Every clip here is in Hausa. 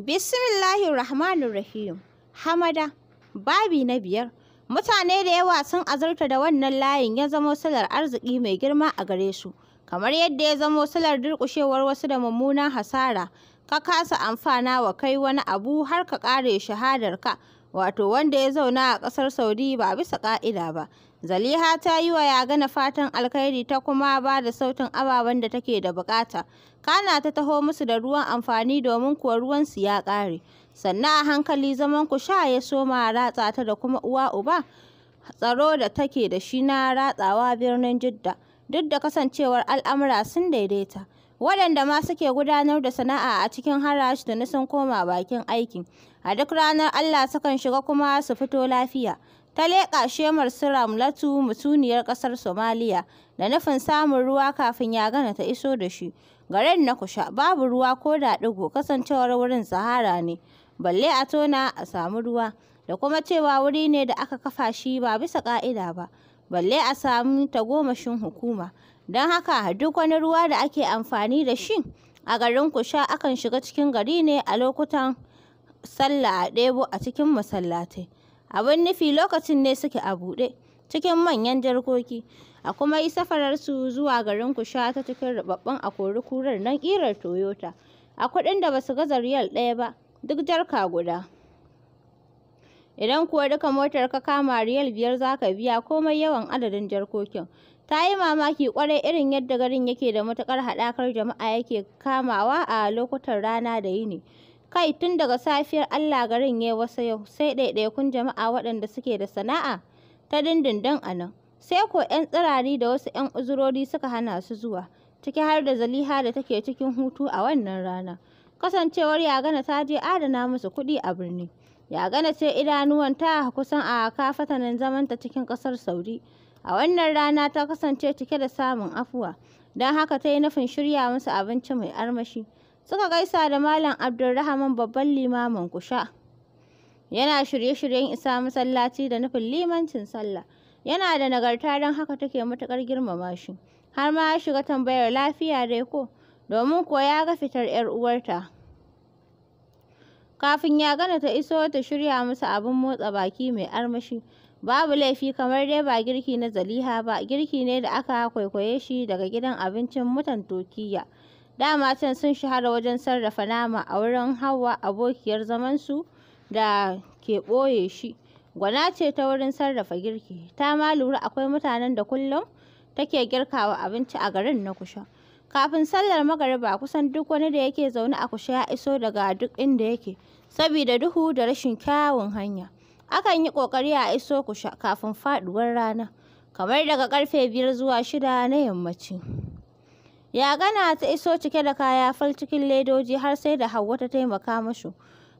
Bismillahirrahmanirrahim. Hamada, babi na biyar. Mutane da yawa sun azurta da wannan layin ya zama salar arziki mai girma a gare su, kamar yadda ya zamo salar durƙushewar wasu da mummunan hasara, ka kasa amfana wa kai wani abu har ka ƙare shahadarka, wato wanda ya zauna a ƙasar Saudi ba bisa ƙa'ida ba. Zaliha ta yi wa Yagana fatan alkhairi ta kuma ba da sautin ababen da take da bukata. Kana ta taho musu da ruwan amfani domin kuwa ruwansu ya ƙare. Sannan a hankali zaman ku sha ya soma ratsa ta da kuma uwa uba tsaro da take da shi na ratsawa birnin Jidda. Duk da kasancewar al'amura sun daidaita. waɗanda ma suke gudanar da sana'a a cikin harashi tuni sun koma bakin aikin a duk ranar allah sukan shiga kuma su fito lafiya ta leƙa shemar sura mulatu mutuniyar ƙasar somaliya da nufin samun ruwa kafin ya gana ta iso da shi garin na kusha babu ruwa ko da ɗigo kasancewar wurin sahara ne balle a tona a samu ruwa da kuma cewa wuri ne da aka kafa shi ba bisa ƙa'ida ba balle a samu ta tagomashin hukuma Don haka duk wani ruwa da ake amfani da shi a garin Kusha akan shiga cikin gari ne a lokutan sallah a ɗebo a cikin masallatai. Abin nufi lokacin ne suke a buɗe, cikin manyan jarkoki, a kuma yi safararsu zuwa garin Kusha ta cikin ruɓaɓɓun akori-kurar nan ƙirar Toyota, a kuɗin da ba su gaza Riyal ɗaya ba, duk jarka guda. Idan kuwa duka motar ka kama riyal biyar za ka biya komai yawan adadin jarkokin. Ta yi mamaki kwarai irin yadda garin yake da matuƙar haɗakar jama'a yake kamawa a lokutan rana da yini. Kai tun daga safiyar Allah garin ya wasu yau sai ɗaiɗaikun jama'a waɗanda suke da sana'a ta dindindin a nan. Sai ko 'yan tsirari da wasu 'yan uzurori suka hana su zuwa, ciki har da Zaliha da take cikin hutu a wannan rana. kasancewar Yagana ta je adana musu kuɗi a birni. Yagana ce idanuwanta kusan a kafatanin zamanta cikin ƙasar Saudi. A wannan rana ta kasance cike da samun afuwa, don haka ta yi nufin shirya musu abinci mai armashi. Suka gaisa da Malam Abdulrahman babban limamin Kusha. Yana shirye-shiryen isa masallaci da nufin limancin sallah. Yana da nagarta don haka take matuƙar girmama shi. Har ma ya shiga tambayar lafiya dai ko, domin kuwa ya ga fitar 'yar uwarta. Kafin ya gana ta iso ta shirya musu abin motsa baki mai armashi. Babu laifi kamar dai ba girki na Zaliha ba, girki ne da aka kwaikwaye shi daga gidan abincin mutan tokiya Dama can sun shahara wajen sarrafa nama a wurin hawa abokiyar zamansu da ke ɓoye shi. Gwana ce ta wurin sarrafa girki, ta ma lura akwai mutanen da kullum take girkawa abinci a garin na Kusha. Kafin sallar magariba kusan duk wani da yake zaune a kushe ya iso daga duk inda yake, saboda duhu da rashin kyawun hanya. Akan yi ƙoƙari a iso kushe kafin faɗuwar rana, kamar daga karfe biyar zuwa shida na yammaci. Ya gana ta iso cike da kaya fal cikin ledoji har sai da Hauwa ta taimaka masu.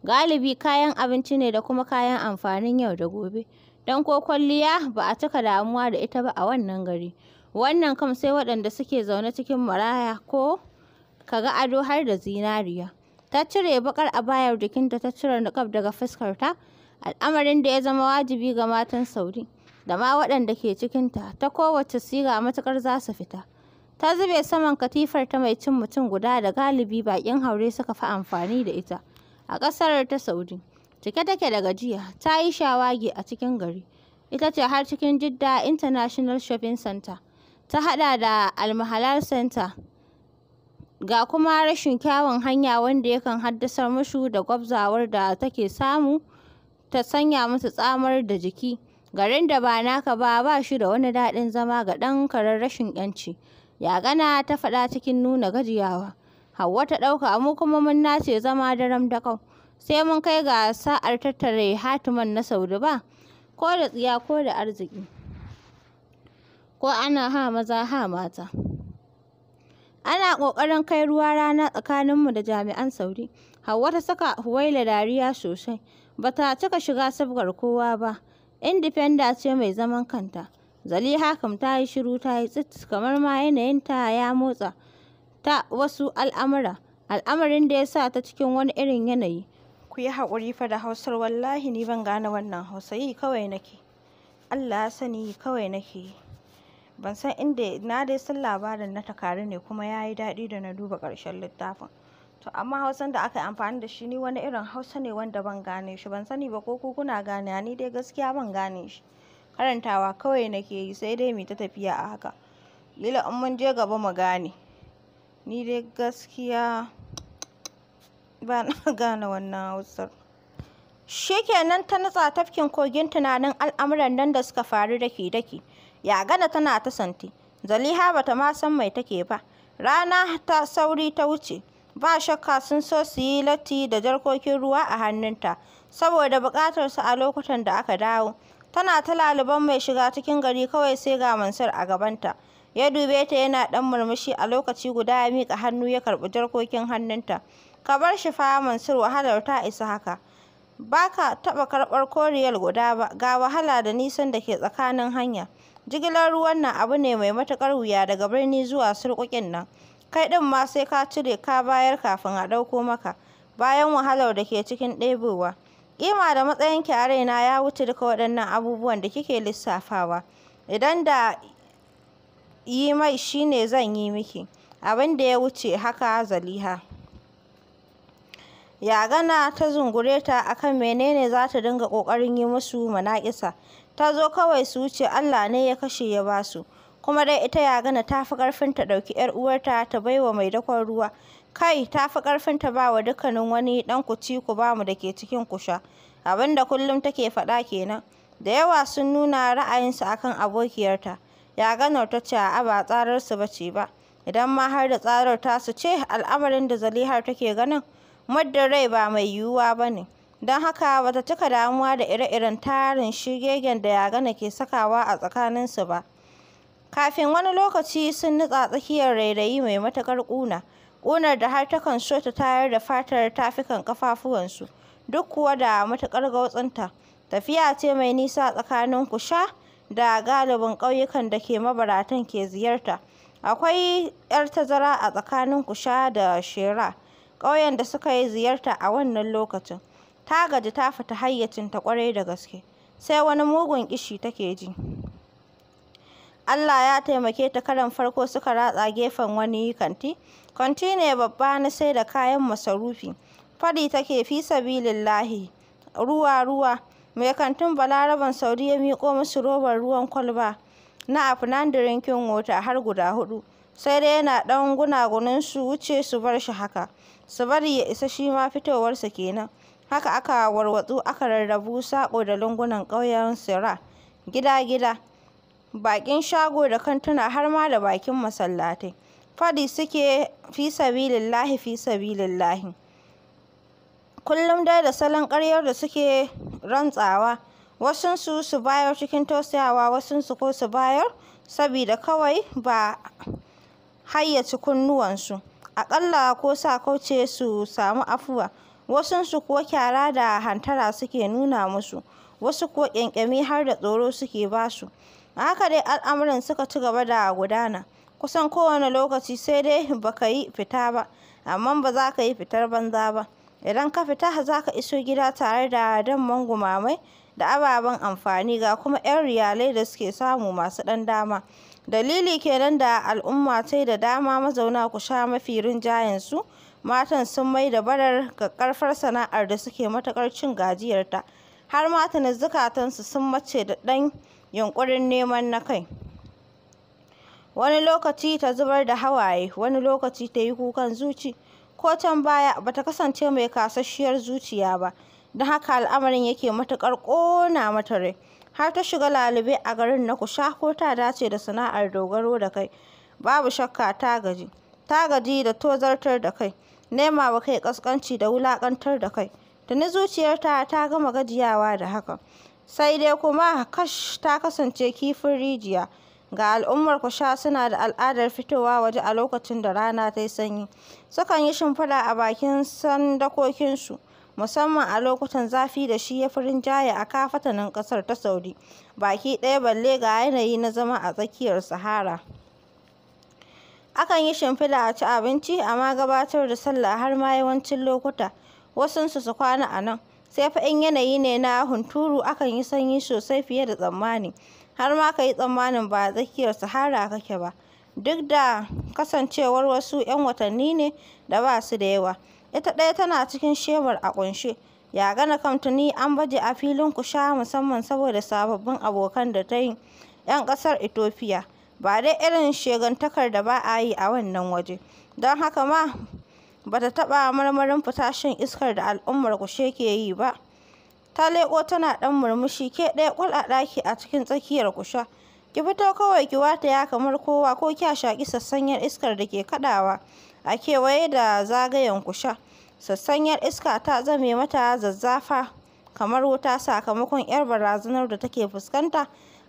Galibi kayan abinci ne da kuma kayan amfanin yau da gobe, don ko kwalliya ba a cika damuwa da ita ba a wannan gari. Wannan kam sai waɗanda suke zaune cikin maraya ko ka ga ado har da zinariya. Ta cire baƙar a bayar jikinta ta cire niƙaf daga fuskarta, al'amarin da ya zama wajibi ga matan Saudi da ma waɗanda ke cikinta ta kowace siga matuƙar za su fita. Ta zube saman katifar ta mai cin mutum guda da galibi baƙin haure suka fi amfani da ita a ƙasar ta Saudi. Cike take da gajiya, ta yi shawagi a cikin gari. Ita ce har cikin Jidda International Shopping Center. ta haɗa da almahalar center ga kuma rashin kyawun hanya wanda yakan haddasa musu da gwabzawar da take samu ta sanya musu tsamar da jiki garin da ba naka ba ba shi da wani daɗin zama ga ɗan karar rashin ƴanci gana ta faɗa cikin nuna gajiyawa Hauwa ta ɗauka mu kuma mun nace zama daram dakau sai mun kai ga sa'ar tattare hatiman na Saudi ba ko da tsiya ko da arziki ko ana ha maza ha mata. Ana ƙoƙarin kai ruwa rana tsakaninmu da jami'an Saudi. Hauwa ta saka Huwaila dariya sosai. Ba ta cika shiga sabgar kowa ba. Indifenda ce mai zaman kanta. Zaliha kam ta yi shiru ta yi tsit kamar ma yanayinta ya motsa ta wasu al'amura. Al'amarin da ya sa ta cikin wani irin yanayi. Ku yi haƙuri fa da Hausar wallahi ni ban gane wannan Hausa yi kawai nake. Allah ya sani kawai nake yi. ban san inda na dai san labarin na takari ne kuma ya yi daɗi da na duba ƙarshen littafin to amma hausan da aka yi amfani da shi ni wani irin hausa ne wanda ban gane shi ban sani ba ko ku kuna gane ni dai gaskiya ban gane shi karantawa kawai nake yi sai dai mu ta tafiya a haka lila in mun je gaba mu gane ni dai gaskiya ba na gane wannan hausar shikenan ta nutsa tafkin kogin tunanin al'amuran nan da suka faru dake-dake ya gana tana ta santi zaliha bata ma san mai take ba rana ta sauri ta wuce ba shakka sun so su yi latti da jarkokin ruwa a hannunta saboda buƙatarsu a lokutan da aka dawo tana ta laliban mai shiga cikin gari kawai sai ga mansur a gabanta ya dube ta yana ɗan murmushi a lokaci guda ya miƙa hannu ya karɓi jarkokin hannunta ka bar shi fa mansur wahalar ta isa haka ba ka taɓa karɓar koriyar guda ba ga wahala da nisan da ke tsakanin hanya Jigilar ruwan nan abu ne mai matuƙar wuya daga birni zuwa surƙuƙin nan. Kai ɗin ma sai ka cire ka bayar kafin a ɗauko maka, bayan wahalar da ke cikin ɗebowa. Ƙima da matsayinki a raina ya wuce duka waɗannan abubuwan da kike lissafawa. Idan da yi mai shine zan yi miki, abin da ya wuce haka Zaliha. Ya gana ta zungure ta akan menene za ta dinga ƙoƙarin yi musu manaƙisa. ta zo kawai su wuce Allah ne ya kashe ya ba su kuma dai ita ya gana ta fi ƙarfin ta ɗauki ‘yar uwarta ta baiwa mai dakon ruwa kai ta fi ƙarfin ta ba wa dukkanin wani ɗan ku ci ku ba mu da ke cikin ku sha abin da kullum take faɗa kenan da yawa sun nuna ra'ayinsu akan abokiyarta ya ganar ta ce a'a ba tsararsu ba ce ba idan ma har da tsarar tasu ce al'amarin da zalihar take ganin muddin rai ba mai yiwuwa ba ne Don haka bata ta cika damuwa da ire-iren tarin shigegen da ya Yagana ke sakawa a tsakaninsu ba. Kafin wani lokaci sun nutsa tsakiyar rairayi mai matuƙar ƙuna, ƙunar da har takan so ta tayar da fatar tafikan ƙafafuwansu, duk kuwa da matuƙar gautsanta Tafiya ce mai nisa tsakanin Kusha da galibin ƙauyukan da ke mabaratan ke ziyarta. Akwai 'yar tazara a tsakanin Kusha da Shera, ƙauyen da suka yi ziyarta a wannan lokacin. Ta gaji ta fita hayyacinta kwarai da gaske, sai wani mugun ƙishi take ji. Allah ya taimake ta karan farko suka ratsa gefen wani kanti. Kanti ne babba na sai da kayan masarufi. Fadi take fi sabilillahi. Ruwa ruwa. Mai kantin balaraban Saudi ya miko musu robar ruwan kwalba na afinan drinking wata har guda hudu. Sai dai yana ɗan gunagunin su wuce su bar shi haka. Su bari ya isa shi ma fitowarsa kenan. Haka aka warwatsu aka rarrabu saƙo da lungunan ƙauyen Sira, gida-gida, bakin shago da kantuna har ma da bakin masallatai. Faɗi suke fi sabilillahi fi sabilillahi. Kullum dai da salon ƙaryar da suke rantsawa, wasunsu su bayar cikin tausayawa, wasunsu ko su bayar sabida kawai ba hayyace kunnuwansu. Aƙalla ko sa kauce su samu afuwa. wasunsu kuwa kyara da hantara suke nuna musu, wasu kuwa ƙyanƙyami har da tsoro suke ba su. haka dai al'amuran suka ci gaba da gudana, kusan kowane lokaci sai dai ba ka yi fita ba, amma ba za ka yi fitar banza ba. Idan ka fita za ka iso gida tare da damman gumamai da ababen amfani ga kuma 'yan riyalai da suke samu masu ɗan dama. Dalili kenan da al'umma ta da dama mazauna ku sha mafi rinjayensu matan sun mai da barar ga karfar sana'ar da suke matuƙar cin gajiyarta har ma tuni zukatansu sun mace da ɗan yunƙurin neman na kai wani lokaci ta zubar da hawaye wani lokaci ta yi kukan zuci ko can baya ba ta kasance mai kasasshiyar zuciya ba don haka al'amarin yake matuƙar ƙona mata rai har ta shiga lalube a garin na kusha ko ta dace da sana'ar dogaro da kai babu shakka ta gaji ta gaji da tozartar da kai nema wa kai ƙasƙanci da wulaƙantar da kai tuni zuciyarta ta gama gajiyawa da haka sai dai kuma kash ta kasance kifin rijiya ga al'ummar ku sha suna da al'adar fitowa waje a lokacin da rana ta yi sanyi sukan yi shimfiɗa a bakin sandakokinsu musamman a lokutan zafi da shi ya firin jaya a kafatanin ƙasar ta saudi baki ɗaya balle ga yanayi na zama a tsakiyar sahara Akan yi shimfiɗa a ci abinci, amma gabatar da sallah har ma yawancin lokuta, wasunsu su kwana a nan, sai fa in yanayi ne na hunturu akan yi sanyi sosai fiye da tsammani, har ma ka yi tsammanin ba tsakiyar Sahara kake ba, duk da kasancewar wasu 'yan watanni ne da ba su da yawa. Ita ɗaya tana cikin shebur a ƙunshe. Yagana kam tuni an baje a filin ku sha musamman saboda sababbin abokan da ta yi, 'yan ƙasar Ethiopia. ba dai irin shegantakar da ba a yi a wannan waje, don haka ma ba ta taɓa marmarin fita shan iskar da al'ummar kushe ke yi ba. Ta leƙo tana ɗan murmushi ke ɗaya ƙul a ɗaki a cikin tsakiyar kusha? Ki fito kawai ki wata ya kamar kowa ko kya shaƙi sassanyar iskar da ke kaɗawa a kewaye da zagayen kusha. Sassanyar iska ta zame mata zazzafa kamar wuta sakamakon 'yar barazanar da take fuskanta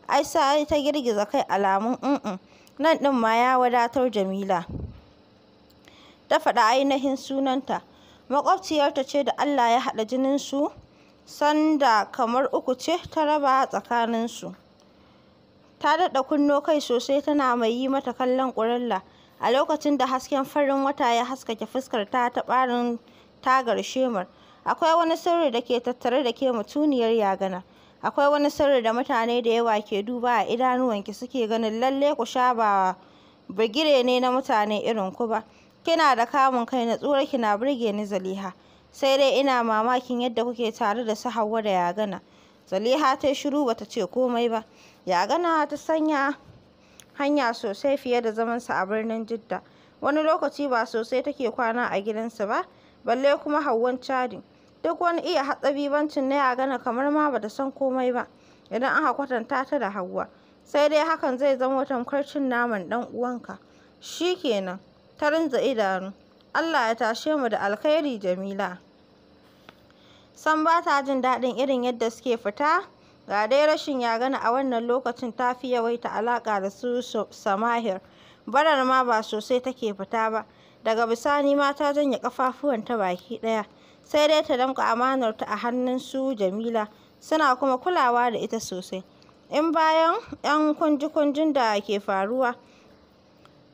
ai sai ta girgiza kai alamun mm nan ɗin ma ya wadatar Jamila. Ta faɗa ainihin sunanta, maƙwabciyarta ce da Allah ya haɗa jinin su, sanda kamar uku ce ta raba tsakaninsu. Ta daɗa kunno kai sosai tana mai yi mata kallon ƙurilla, a lokacin da hasken farin wata ya haskake fuskar ta ta ɓarin tagar shemar. Akwai wani sirri da ke tattare da ke mutuniyar yagana. Akwai wani sirri da mutane da yawa ke duba a idanuwanki suke ganin lalle ku sha ba gire ne na mutane irin ku ba. Kina da kamun kai, na natsuwarki kina burge ni Zaliha. Sai dai ina mamakin yadda kuke tare da su Hauwa da Yagana. Zaliha ta shiru ba ta ce komai ba. Yagana ta sanya hanya sosai fiye da zaman zamansa a birnin Jidda. Wani lokaci ba sosai take kwana a gidansa ba, balle kuma Hauwan Chadi. duk wani iya hatsabibancin na Yagana kamar ma ba ta san komai ba idan aka kwatanta ta da Hauwa. Sai dai hakan zai zama tamkar cin naman dan uwanka. Shi kenan, ta rinza idanu. Allah ya tashe mu da alkhairi Jamila. San ba ta jin daɗin irin yadda suke fita. Ga dai rashin ya-gana a wannan lokacin ta fi yawaita alaƙa da su Samahir. Barar ma ba sosai take fita ba. Daga bisani ma ta janye ƙafafuwanta baki ɗaya. sai dai ta damƙa amanarta a hannun su Jamila suna kuma kulawa da ita sosai in bayan 'yan kunji-kunjin da ke faruwa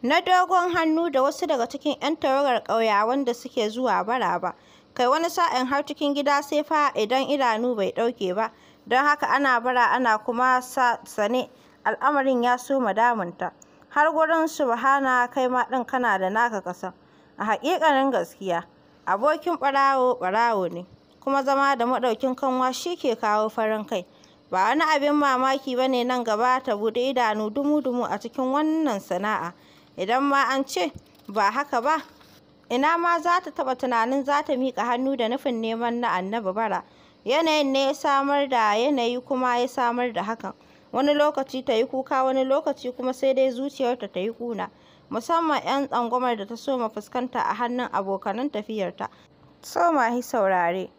na dogon hannu da wasu daga cikin 'yan tawagar ƙauya wanda suke zuwa bara ba kai wani sa'in har cikin gida sai fa idan idanu bai ɗauke ba don haka ana bara ana kuma sa sane al'amarin ya soma damunta har gurin subhana kai ma ɗin kana da naka kasa a haƙiƙanin gaskiya Abokin ɓarawo ɓarawo ne, kuma zama da maɗaukin kanwa shi ke kawo farin kai. Ba wani abin mamaki ba ne nan gaba ta buɗe idanu dumu-dumu a cikin wannan sana'a, idan ma an ce ba haka ba, ina ma za ta taɓa tunanin za ta miƙa hannu da nufin neman na Annabi bara. Yanayin ne ya samar da yanayi kuma ya samar da hakan. Wani lokaci ta yi kuka, wani lokaci kuma sai dai zuciyarta ta yi ƙuna. musamman 'yan tsangwamar da ta soma fuskanta a hannun abokanan tafiyarta. Soma hi saurare.